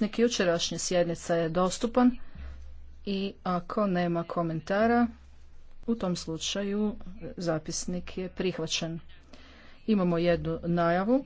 zapisnik jučerašnje sjednica je dostupan i ako nema komentara, u tom slučaju zapisnik je prihvaćen. Imamo jednu najavu.